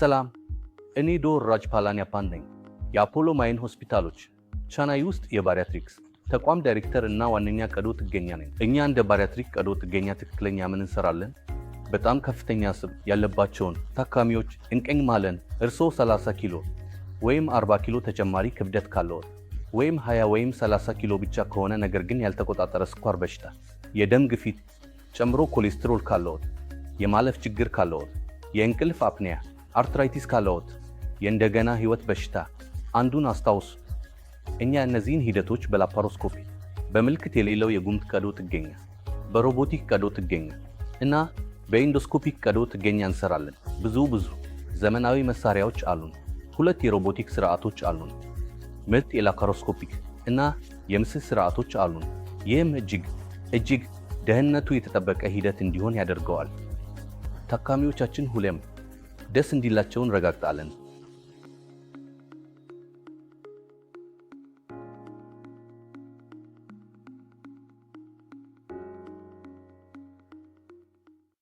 ሰላም፣ እኔ ዶር ራጅፓላን ያፓን ነኝ። የአፖሎ ማይን ሆስፒታሎች ቻናይ ውስጥ የባሪያትሪክስ ተቋም ዳይሬክተር እና ዋነኛ ቀዶ ጥገኛ ነኝ። እኛ እንደ ባሪያትሪክ ቀዶ ጥገኛ ትክክለኛ ምን እንሰራለን? በጣም ከፍተኛ ስብ ያለባቸውን ታካሚዎች እንቀኝ ማለን እርሶ 30 ኪሎ ወይም 40 ኪሎ ተጨማሪ ክብደት ካለዎት ወይም 20 ወይም 30 ኪሎ ብቻ ከሆነ ነገር ግን ያልተቆጣጠረ ስኳር በሽታ፣ የደም ግፊት ጨምሮ ኮሌስትሮል ካለዎት፣ የማለፍ ችግር ካለዎት፣ የእንቅልፍ አፕኒያ አርትራይቲስ ካለዎት፣ የእንደገና ህይወት በሽታ አንዱን አስታውሱ። እኛ እነዚህን ሂደቶች በላፓሮስኮፒ በምልክት የሌለው የጉምት ቀዶ ጥገኛ፣ በሮቦቲክ ቀዶ ጥገኛ እና በኢንዶስኮፒክ ቀዶ ጥገኛ እንሰራለን። ብዙ ብዙ ዘመናዊ መሳሪያዎች አሉን። ሁለት የሮቦቲክ ስርዓቶች አሉን፣ ምርጥ የላፓሮስኮፒክ እና የምስል ስርዓቶች አሉን። ይህም እጅግ እጅግ ደህንነቱ የተጠበቀ ሂደት እንዲሆን ያደርገዋል። ታካሚዎቻችን ሁሌም ደስ እንዲላቸውን ረጋግጣለን።